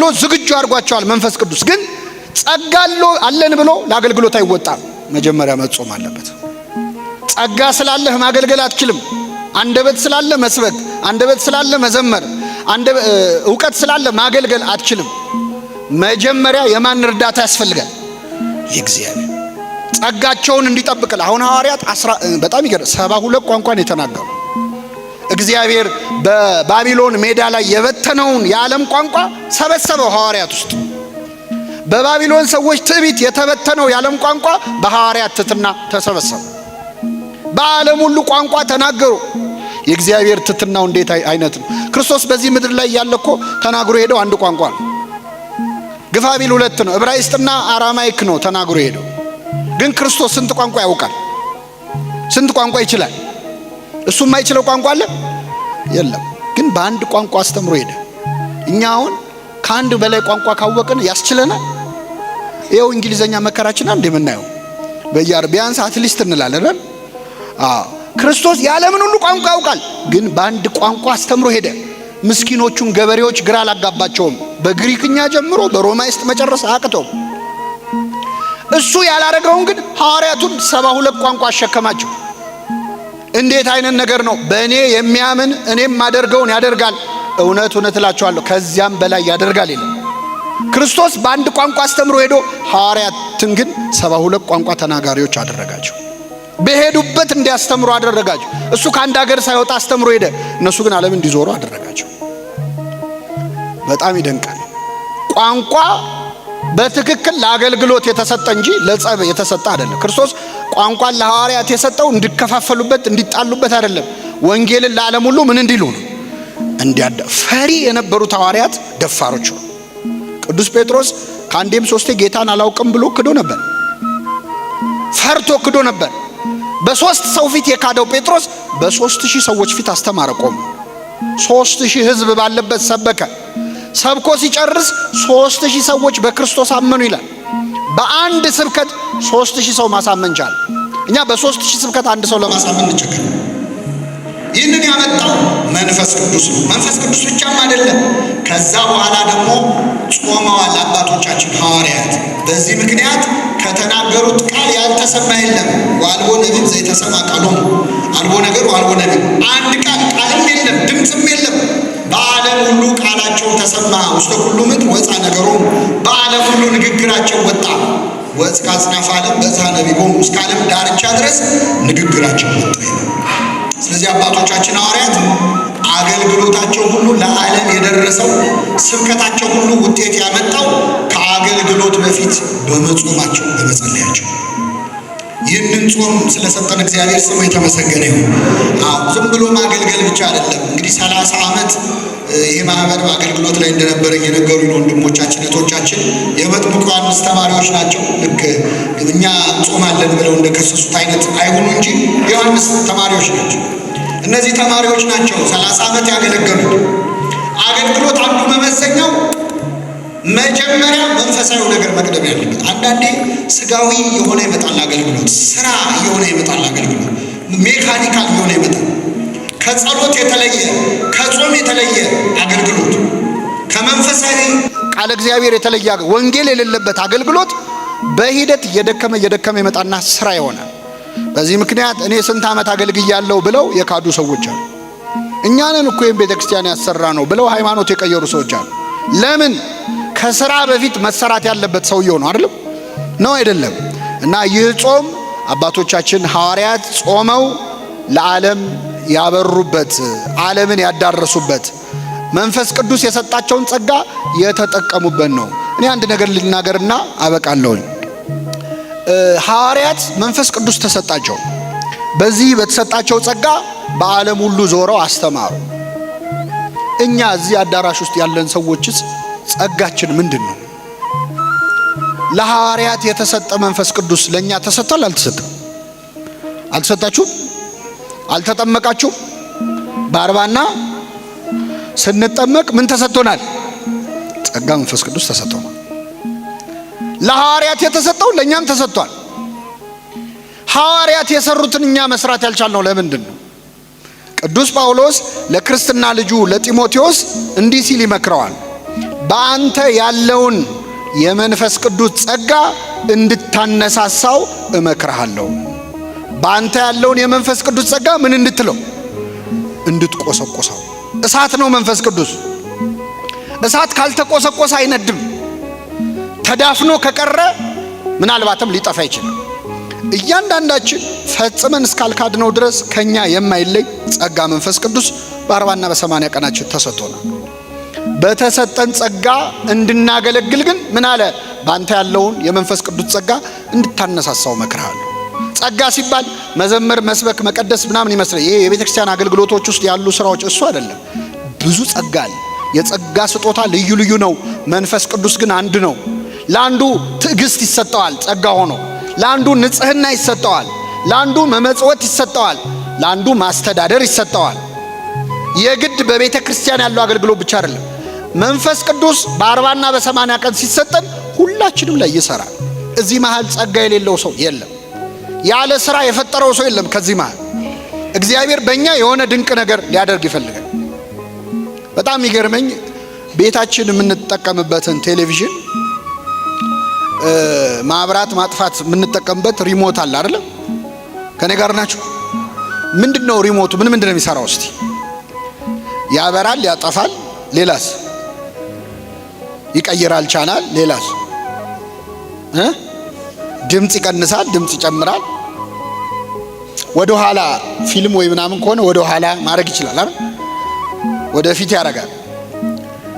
ለአገልግሎት ዝግጁ አድርጓቸዋል። መንፈስ ቅዱስ ግን ጸጋሎ አለን ብሎ ለአገልግሎት አይወጣም። መጀመሪያ መጾም አለበት። ጸጋ ስላለህ ማገልገል አትችልም። አንደበት ስላለ መስበክ፣ አንደበት ስላለ መዘመር፣ እውቀት ስላለ ማገልገል አትችልም። መጀመሪያ የማን እርዳታ ያስፈልጋል? የእግዚአብሔር ጸጋቸውን እንዲጠብቅል አሁን ሐዋርያት በጣም ይገርም ሰባ ሁለት ቋንቋን የተናገሩ እግዚአብሔር በባቢሎን ሜዳ ላይ የበተነውን የዓለም ቋንቋ ሰበሰበው ሐዋርያት ውስጥ። በባቢሎን ሰዎች ትዕቢት የተበተነው የዓለም ቋንቋ በሐዋርያት ትትና ተሰበሰበ። በዓለም ሁሉ ቋንቋ ተናገሩ። የእግዚአብሔር ትትናው እንዴት አይነት ነው! ክርስቶስ በዚህ ምድር ላይ እያለ እኮ ተናግሮ ሄደው አንድ ቋንቋ ነው። ግፋ ቢል ሁለት ነው፣ ዕብራይስጥና አራማይክ ነው ተናግሮ ሄደው። ግን ክርስቶስ ስንት ቋንቋ ያውቃል? ስንት ቋንቋ ይችላል? እሱ የማይችለው ቋንቋ አለ የለም። ግን በአንድ ቋንቋ አስተምሮ ሄደ። እኛ አሁን ከአንድ በላይ ቋንቋ ካወቅን ያስችለናል። ይኸው እንግሊዘኛ መከራችን አንድ የምናየው በያር ቢያንስ አትሊስት እንላለን። ክርስቶስ የዓለምን ሁሉ ቋንቋ ያውቃል፣ ግን በአንድ ቋንቋ አስተምሮ ሄደ። ምስኪኖቹን ገበሬዎች ግራ አላጋባቸውም። በግሪክኛ ጀምሮ በሮማይስጥ መጨረስ አቅተውም። እሱ ያላረገውን ግን ሐዋርያቱን ሰባ ሁለት ቋንቋ አሸከማቸው። እንዴት አይነት ነገር ነው? በእኔ የሚያምን እኔም ማደርገውን ያደርጋል፣ እውነት እውነት እላችኋለሁ ከዚያም በላይ ያደርጋል ይላል። ክርስቶስ በአንድ ቋንቋ አስተምሮ ሄዶ ሐዋርያትን ግን ሰባ ሁለት ቋንቋ ተናጋሪዎች አደረጋቸው። በሄዱበት እንዲያስተምሩ አደረጋቸው። እሱ ከአንድ ሀገር ሳይወጣ አስተምሮ ሄደ። እነሱ ግን ዓለም እንዲዞሩ አደረጋቸው። በጣም ይደንቃል ቋንቋ በትክክል ለአገልግሎት የተሰጠ እንጂ ለጸብ የተሰጠ አይደለም። ክርስቶስ ቋንቋን ለሐዋርያት የሰጠው እንዲከፋፈሉበት፣ እንዲጣሉበት አይደለም። ወንጌልን ለዓለም ሁሉ ምን እንዲሉ ነው? እንዲያደ ፈሪ የነበሩት ሐዋርያት ደፋሮች ነው። ቅዱስ ጴጥሮስ ከአንዴም ሶስቴ ጌታን አላውቅም ብሎ ክዶ ነበር። ፈርቶ ክዶ ነበር። በሶስት ሰው ፊት የካደው ጴጥሮስ በሶስት ሺህ ሰዎች ፊት አስተማረ ቆመ ሶስት ሺህ ህዝብ ባለበት ሰበከ። ሰብኮ ሲጨርስ ሦስት ሺህ ሰዎች በክርስቶስ አመኑ ይላል። በአንድ ስብከት ሦስት ሺህ ሰው ማሳመን ቻለ። እኛ በሦስት ሺህ ስብከት አንድ ሰው ለማሳመን እንቸገር። ይህንን ያመጣው መንፈስ ቅዱስ ነው። መንፈስ ቅዱስ ብቻም አይደለም። ከዛ በኋላ ደግሞ ጾመዋል አባቶቻችን ሐዋርያት። በዚህ ምክንያት ከተናገሩት ቃል ያልተሰማ የለም። ዋልቦ ነቢብ ዘይተሰማ ቃሎሙ፣ አልቦ ነገር ዋልቦ ነቢብ ውስተ ሁሉ ምድር ወፃ ነገሮሙ በዓለም ሁሉ ንግግራቸው ወጣ። ወፅ ከአጽናፈ ዓለም በዛ ነቢቦሙ እስከ ዓለም ዳርቻ ድረስ ንግግራቸው ወጣ። ስለዚህ አባቶቻችን ሐዋርያት አገልግሎታቸው ሁሉ ለዓለም የደረሰው ስብከታቸው ሁሉ ውጤት ያመጣው ከአገልግሎት በፊት በመጾማቸው በመጸለያቸው ይህንን ጾም ስለሰጠን እግዚአብሔር ስሙ የተመሰገነ ይሁን። ዝም ብሎ ማገልገል ብቻ አይደለም። እንግዲህ ሰላሳ ዓመት ይህ ማህበር አገልግሎት ላይ እንደነበረ እየነገሩ ወንድሞቻችን እህቶቻችን የመጥምቁ ዮሐንስ ተማሪዎች ናቸው። ልክ እኛ ጾማለን ብለው እንደከሰሱት አይነት አይሆኑ እንጂ የዮሐንስ ተማሪዎች ናቸው። እነዚህ ተማሪዎች ናቸው ሰላሳ ዓመት ያገለገሉት። አገልግሎት አንዱ መመዘኛው መጀመሪያ መንፈሳዊ ነገር መቅደም ያለበት። አንዳንዴ ስጋዊ የሆነ ይመጣል አገልግሎት፣ ስራ የሆነ ይመጣል አገልግሎት፣ ሜካኒካል የሆነ ይመጣል። ከጸሎት የተለየ ከጾም የተለየ አገልግሎት፣ ከመንፈሳዊ ቃለ እግዚአብሔር የተለየ ወንጌል የሌለበት አገልግሎት በሂደት እየደከመ እየደከመ ይመጣና ስራ ይሆናል። በዚህ ምክንያት እኔ ስንት ዓመት አገልግያለሁ ብለው የካዱ ሰዎች አሉ። እኛንን እኮ ቤተ ክርስቲያን ያሰራ ነው ብለው ሃይማኖት የቀየሩ ሰዎች አሉ። ለምን ከስራ በፊት መሰራት ያለበት ሰውየው ነው አይደለም ነው አይደለም። እና ይህ ጾም አባቶቻችን ሐዋርያት ጾመው ለዓለም ያበሩበት ዓለምን ያዳረሱበት መንፈስ ቅዱስ የሰጣቸውን ጸጋ የተጠቀሙበት ነው። እኔ አንድ ነገር ልናገርና አበቃለሁኝ። ሐዋርያት መንፈስ ቅዱስ ተሰጣቸው። በዚህ በተሰጣቸው ጸጋ በዓለም ሁሉ ዞረው አስተማሩ። እኛ እዚህ አዳራሽ ውስጥ ያለን ሰዎችስ ጸጋችን ምንድን ነው? ለሐዋርያት የተሰጠ መንፈስ ቅዱስ ለእኛ ተሰጥቷል? አልተሰጠም? አልተሰጣችሁም? አልተጠመቃችሁም? በአርባና ስንጠመቅ ምን ተሰጥቶናል? ጸጋ መንፈስ ቅዱስ ተሰጥቶናል። ለሐዋርያት የተሰጠው ለእኛም ተሰጥቷል። ሐዋርያት የሰሩትን እኛ መስራት ያልቻልነው ለምንድን ነው? ቅዱስ ጳውሎስ ለክርስትና ልጁ ለጢሞቴዎስ እንዲህ ሲል ይመክረዋል በአንተ ያለውን የመንፈስ ቅዱስ ጸጋ እንድታነሳሳው እመክርሃለሁ። በአንተ ያለውን የመንፈስ ቅዱስ ጸጋ ምን እንድትለው እንድትቆሰቆሰው። እሳት ነው መንፈስ ቅዱስ። እሳት ካልተቆሰቆሰ አይነድም። ተዳፍኖ ከቀረ ምናልባትም ሊጠፋ ይችላል። እያንዳንዳችን ፈጽመን እስካልካድነው ድረስ ከኛ የማይለይ ጸጋ መንፈስ ቅዱስ በአርባና በሰማንያ ቀናችን ተሰጥቶናል። በተሰጠን ጸጋ እንድናገለግል ግን ምን አለ? በአንተ ያለውን የመንፈስ ቅዱስ ጸጋ እንድታነሳሳው መክርሃለሁ። ጸጋ ሲባል መዘመር፣ መስበክ፣ መቀደስ ምናምን ይመስላል። ይሄ የቤተ ክርስቲያን አገልግሎቶች ውስጥ ያሉ ስራዎች እሱ አይደለም። ብዙ ጸጋ አለ። የጸጋ ስጦታ ልዩ ልዩ ነው። መንፈስ ቅዱስ ግን አንድ ነው። ለአንዱ ትዕግስት ይሰጠዋል ጸጋ ሆኖ፣ ለአንዱ ንጽህና ይሰጠዋል፣ ለአንዱ መመጽወት ይሰጠዋል፣ ለአንዱ ማስተዳደር ይሰጠዋል። የግድ በቤተ ክርስቲያን ያለው አገልግሎት ብቻ አይደለም። መንፈስ ቅዱስ በአርባና በሰማንያ ቀን ሲሰጠን ሁላችንም ላይ ይሰራል። እዚህ መሃል ጸጋ የሌለው ሰው የለም። ያለ ስራ የፈጠረው ሰው የለም። ከዚህ መሃል እግዚአብሔር በእኛ የሆነ ድንቅ ነገር ሊያደርግ ይፈልጋል። በጣም ይገርመኝ ቤታችን የምንጠቀምበትን ቴሌቪዥን ማብራት ማጥፋት የምንጠቀምበት ሪሞት አለ አይደለም? ከኔ ጋር ናችሁ? ምንድነው ሪሞቱ? ምን ምንድነው የሚሰራው? እስቲ ያበራል፣ ያጠፋል። ሌላስ? ይቀይራል፣ ቻናል። ሌላስ? ድምጽ ይቀንሳል፣ ድምፅ ይጨምራል። ወደ ኋላ ፊልም ወይ ምናምን ከሆነ ወደ ኋላ ማድረግ ይችላል አይደል? ወደፊት ያደርጋል።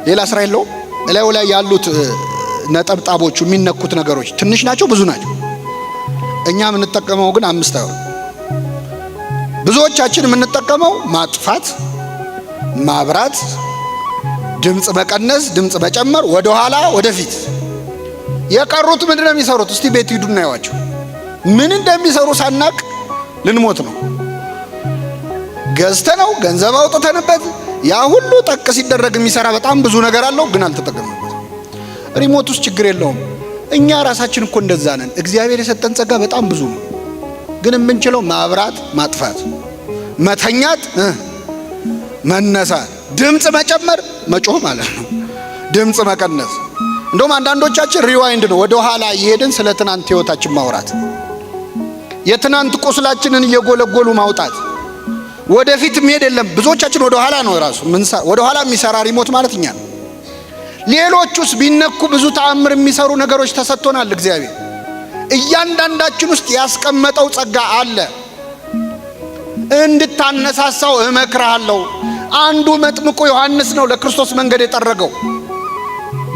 ሌላ ስራ የለው እላዩ ላይ ያሉት ነጠብጣቦቹ የሚነኩት ነገሮች ትንሽ ናቸው፣ ብዙ ናቸው። እኛ የምንጠቀመው ግን አምስት ብዙዎቻችን የምንጠቀመው ማጥፋት ማብራት፣ ድምፅ መቀነስ፣ ድምፅ መጨመር፣ ወደኋላ ወደፊት። የቀሩት ምንድን ነው የሚሰሩት? እስቲ ቤት ሂዱ እናየዋቸው። ምን እንደሚሰሩ ሳናቅ ልንሞት ነው። ገዝተ ነው ገንዘብ አውጥተንበት ያ ሁሉ ጠቅ ሲደረግ የሚሰራ በጣም ብዙ ነገር አለው፣ ግን አልተጠቀምበት። ሪሞት ውስጥ ችግር የለውም። እኛ ራሳችን እኮ እንደዛ ነን። እግዚአብሔር የሰጠን ጸጋ በጣም ብዙ ነው፣ ግን የምንችለው ማብራት፣ ማጥፋት፣ መተኛት መነሳት ድምፅ መጨመር መጮህ ማለት ነው። ድምፅ መቀነስ እንደውም አንዳንዶቻችን ሪዋይንድ ነው ወደ ኋላ እየሄድን ስለ ትናንት ህይወታችን ማውራት፣ የትናንት ቁስላችንን እየጎለጎሉ ማውጣት። ወደፊት መሄድ የለም ብዙዎቻችን ወደ ኋላ ነው ራሱ ወደ ኋላ የሚሰራ ሪሞት ማለት እኛ ነው። ሌሎቹስ ቢነኩ ብዙ ተአምር የሚሰሩ ነገሮች ተሰጥቶናል። እግዚአብሔር እያንዳንዳችን ውስጥ ያስቀመጠው ጸጋ አለ። እንድታነሳሳው እመክርሃለሁ። አንዱ መጥምቁ ዮሐንስ ነው ለክርስቶስ መንገድ የጠረገው።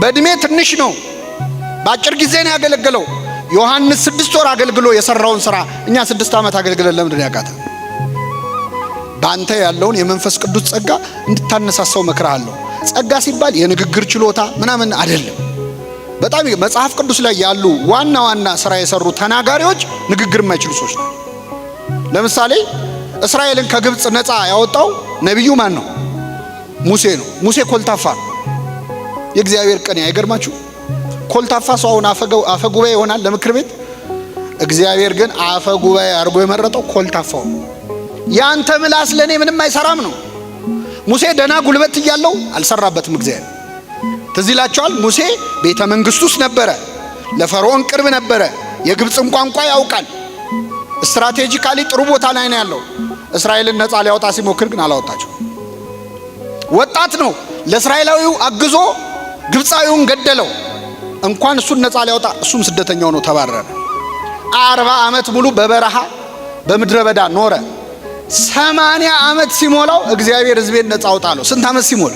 በእድሜ ትንሽ ነው፣ በአጭር ጊዜ ነው ያገለገለው። ዮሐንስ ስድስት ወር አገልግሎ የሰራውን ስራ እኛ ስድስት ዓመት አገልግለን ለምንድን ያቃተ? በአንተ ያለውን የመንፈስ ቅዱስ ጸጋ እንድታነሳሳው እመክርሃለሁ። ጸጋ ሲባል የንግግር ችሎታ ምናምን አይደለም። በጣም መጽሐፍ ቅዱስ ላይ ያሉ ዋና ዋና ስራ የሰሩ ተናጋሪዎች ንግግር የማይችሉ ሰዎች ነው። ለምሳሌ እስራኤልን ከግብፅ ነፃ ያወጣው ነቢዩ ማን ነው? ሙሴ ነው። ሙሴ ኮልታፋ ነው። የእግዚአብሔር ቀን አይገርማችሁ? ኮልታፋ ሰው አሁን አፈ ጉባኤ ይሆናል ለምክር ቤት። እግዚአብሔር ግን አፈ ጉባኤ አድርጎ የመረጠው ኮልታፋው ያንተ የአንተ ምላስ ለእኔ ምንም አይሰራም ነው። ሙሴ ደና ጉልበት እያለው አልሰራበትም እግዚአብሔር። ትዝ ይላቸዋል። ሙሴ ቤተ መንግሥት ውስጥ ነበረ፣ ለፈርዖን ቅርብ ነበረ፣ የግብፅን ቋንቋ ያውቃል። ስትራቴጂካሊ ጥሩ ቦታ ላይ ነው ያለው። እስራኤልን ነፃ ሊያወጣ ሲሞክር ግን አላወጣቸው። ወጣት ነው። ለእስራኤላዊው አግዞ ግብፃዊውን ገደለው። እንኳን እሱን ነፃ ሊያወጣ እሱም ስደተኛ ነው፣ ተባረረ። አርባ ዓመት ሙሉ በበረሃ በምድረ በዳ ኖረ። ሰማንያ ዓመት ሲሞላው እግዚአብሔር ሕዝቤን ነፃ አውጣ አለው። ስንት ዓመት ሲሞል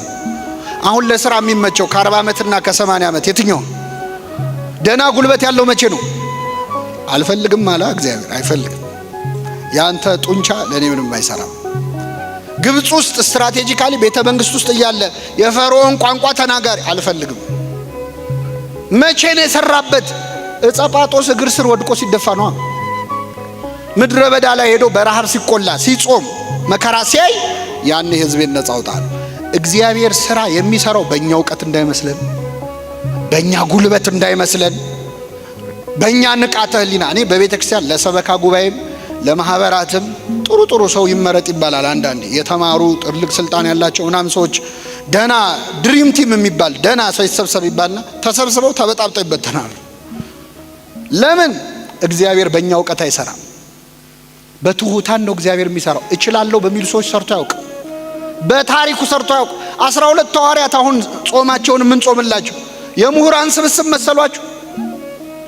አሁን ለስራ የሚመቸው ከአርባ ዓመትና ከሰማንያ ዓመት የትኛው ደህና ጉልበት ያለው መቼ ነው? አልፈልግም አለ እግዚአብሔር አይፈልግም። ያንተ ጡንቻ ለእኔ ምንም አይሰራም። ግብፅ ውስጥ ስትራቴጂካሊ ቤተ መንግስት ውስጥ እያለ የፈርዖን ቋንቋ ተናጋሪ አልፈልግም። መቼ ነው የሰራበት? እጸጳጦስ እግር ስር ወድቆ ሲደፋ ነዋ። ምድረ በዳ ላይ ሄዶ በረሃብ ሲቆላ ሲጾም መከራ ሲያይ ያን ህዝቤን ነጻ እግዚአብሔር ስራ የሚሰራው በእኛ እውቀት እንዳይመስለን፣ በእኛ ጉልበት እንዳይመስለን፣ በእኛ ንቃተ ህሊና እኔ በቤተ ክርስቲያን ለሰበካ ጉባኤም ለማህበራትም ጥሩ ጥሩ ሰው ይመረጥ ይባላል። አንዳንዴ የተማሩ ትልቅ ስልጣን ያላቸው ምናምን ሰዎች ደና ድሪም ቲም የሚባል ደና ሰው ይሰብሰብ ይባልና ተሰብስበው ተበጣብጠው ይበተናሉ። ለምን? እግዚአብሔር በእኛ እውቀት አይሰራም። በትሁታን ነው እግዚአብሔር የሚሰራው። እችላለሁ በሚሉ ሰዎች ሰርቶ ያውቅ በታሪኩ ሰርቶ ያውቅ። አስራ ሁለት ሐዋርያት አሁን ጾማቸውን የምንጾምላቸው የምሁራን ስብስብ መሰሏችሁ?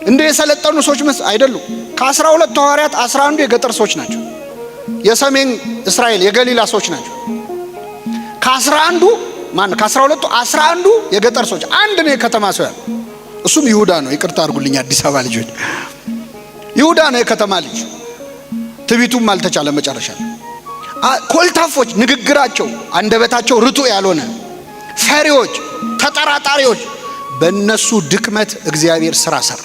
እንደ የሰለጠኑ ሰዎች መስ አይደሉም። ከአስራ ሁለቱ ሐዋርያት አስራ አንዱ የገጠር ሰዎች ናቸው። የሰሜን እስራኤል የገሊላ ሰዎች ናቸው። ከአስራ አንዱ ማን ከአስራ ሁለቱ አስራ አንዱ የገጠር ሰዎች፣ አንድ ነው የከተማ ሰው ያለው እሱም ይሁዳ ነው። ይቅርታ አድርጉልኝ አዲስ አበባ ልጆች፣ ይሁዳ ነው የከተማ ልጅ። ትቢቱም አልተቻለ መጨረሻ ላይ ኮልታፎች፣ ንግግራቸው አንደበታቸው ርቱ ያልሆነ ፈሪዎች፣ ተጠራጣሪዎች በእነሱ ድክመት እግዚአብሔር ስራ ሰራ።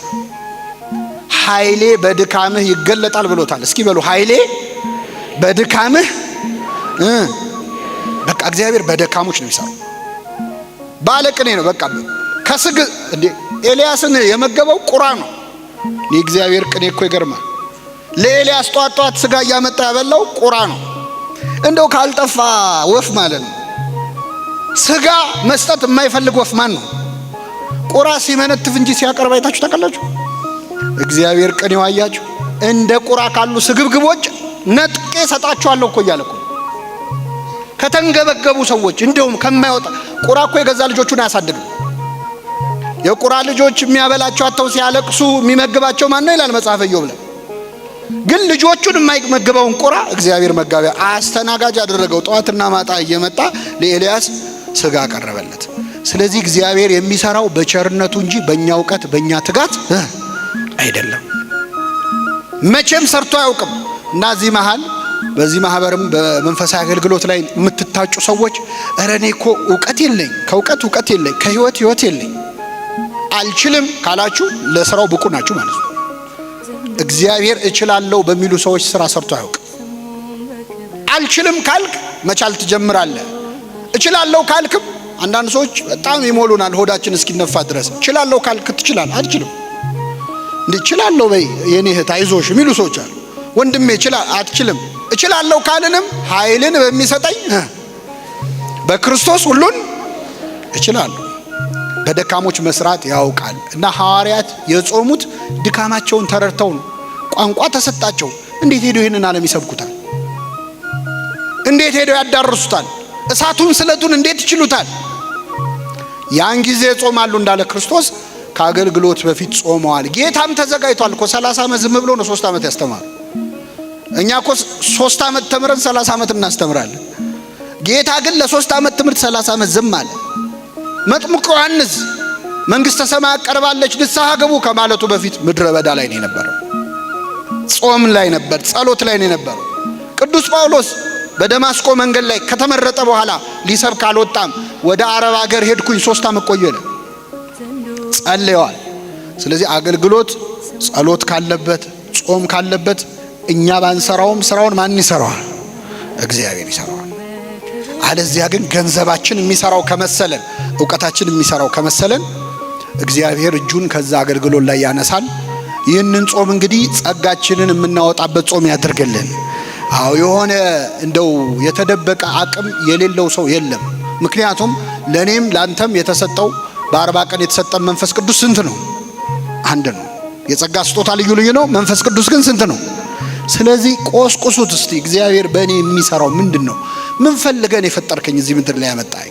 ኃይሌ በድካምህ ይገለጣል ብሎታል። እስኪ በሉ ኃይሌ በድካምህ በቃ እግዚአብሔር በደካሞች ነው የሚሰራው። ባለቅኔ ነው በቃ ከስግ እንዴ ኤልያስን የመገበው ቁራ ነው። እግዚአብሔር ቅኔ እኮ ይገርማል። ለኤልያስ ጧት ጧት ስጋ እያመጣ ያበላው ቁራ ነው። እንደው ካልጠፋ ወፍ ማለት ነው። ስጋ መስጠት የማይፈልግ ወፍ ማን ነው? ቁራ ሲመነትፍ እንጂ ሲያቀርብ አይታችሁ ታውቃላችሁ? እግዚአብሔር ቅኔው አያችሁ፣ እንደ ቁራ ካሉ ስግብግቦች ነጥቄ ሰጣችኋለሁ እኮ እያለ እኮ ከተንገበገቡ ሰዎች እንደውም ከማይወጣ ቁራ እኮ የገዛ ልጆቹን አያሳድግም። የቁራ ልጆች የሚያበላቸው አተው ሲያለቅሱ የሚመግባቸው ማን ነው ይላል መጽሐፈ ኢዮብ ላይ። ግን ልጆቹን የማይመግበውን ቁራ እግዚአብሔር መጋቢያ አስተናጋጅ አደረገው። ጠዋትና ማጣ እየመጣ ለኤልያስ ስጋ አቀረበለት። ስለዚህ እግዚአብሔር የሚሰራው በቸርነቱ እንጂ በእኛ እውቀት በእኛ ትጋት አይደለም። መቼም ሰርቶ አያውቅም እና እዚህ መሃል በዚህ ማህበርም በመንፈሳዊ አገልግሎት ላይ የምትታጩ ሰዎች እረ እኔ እኮ እውቀት የለኝ ከእውቀት እውቀት የለኝ ከህይወት ህይወት የለኝ አልችልም ካላችሁ ለስራው ብቁ ናችሁ ማለት ነው። እግዚአብሔር እችላለሁ በሚሉ ሰዎች ስራ ሰርቶ አያውቅም። አልችልም ካልክ መቻል ትጀምራለህ። እችላለሁ ካልክም አንዳንድ ሰዎች በጣም ይሞሉናል ሆዳችን እስኪነፋ ድረስ። እችላለሁ ካልክ ትችላለህ፣ አልችልም እንዲችላለሁ በይ የኔ እህት አይዞሽ የሚሉ ሰዎች አሉ። ወንድሜ ይችላል አትችልም እችላለሁ ካልንም ኃይልን በሚሰጠኝ በክርስቶስ ሁሉን እችላለሁ። በደካሞች መስራት ያውቃል እና ሐዋርያት የጾሙት ድካማቸውን ተረድተው ነው። ቋንቋ ተሰጣቸው። እንዴት ሄደው ይህንን ዓለም ይሰብኩታል? እንዴት ሄደው ያዳርሱታል? እሳቱን ስለቱን እንዴት ይችሉታል? ያን ጊዜ ጾማሉ እንዳለ ክርስቶስ ከአገልግሎት በፊት ጾመዋል። ጌታም ተዘጋጅቷል እኮ 30 ዓመት ዝም ብሎ ነው 3 ዓመት ያስተማር። እኛ እኮ 3 ዓመት ተምረን 30 ዓመት እናስተምራለን። ጌታ ግን ለ3 ዓመት ትምህርት 30 ዓመት ዝም አለ። መጥምቁ ዮሐንስ መንግሥተ ሰማያት ቀርባለች ንስሐ ገቡ ከማለቱ በፊት ምድረ በዳ ላይ ነው የነበረው። ጾም ላይ ነበር፣ ጸሎት ላይ ነው የነበረው። ቅዱስ ጳውሎስ በደማስቆ መንገድ ላይ ከተመረጠ በኋላ ሊሰብክ አልወጣም። ወደ አረብ አገር ሄድኩኝ ሶስት ዓመት ቆየ። ጸልየዋል። ስለዚህ አገልግሎት ጸሎት ካለበት ጾም ካለበት እኛ ባንሰራውም ስራውን ማን ይሰራዋል? እግዚአብሔር ይሰራዋል። አለዚያ ግን ገንዘባችን የሚሰራው ከመሰለን እውቀታችን የሚሰራው ከመሰለን እግዚአብሔር እጁን ከዛ አገልግሎት ላይ ያነሳል። ይህንን ጾም እንግዲህ ጸጋችንን የምናወጣበት ጾም ያደርግልን። አዎ የሆነ እንደው የተደበቀ አቅም የሌለው ሰው የለም። ምክንያቱም ለእኔም ለአንተም የተሰጠው በአርባ ቀን የተሰጠን መንፈስ ቅዱስ ስንት ነው? አንድ ነው። የጸጋ ስጦታ ልዩ ልዩ ነው። መንፈስ ቅዱስ ግን ስንት ነው? ስለዚህ ቆስቁሱት እስቲ። እግዚአብሔር በእኔ የሚሰራው ምንድን ነው? ምን ፈልገን የፈጠርከኝ እዚህ ምድር ላይ ያመጣኝ?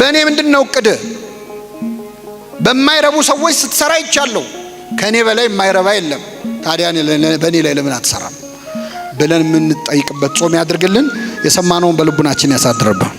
በእኔ ምንድን ነው እቅድ? በማይረቡ ሰዎች ስትሰራ ይቻለሁ። ከእኔ በላይ የማይረባ የለም። ታዲያ በእኔ ላይ ለምን አትሰራም ብለን የምንጠይቅበት ጾም ያድርግልን። የሰማነውን በልቡናችን ያሳድርብን።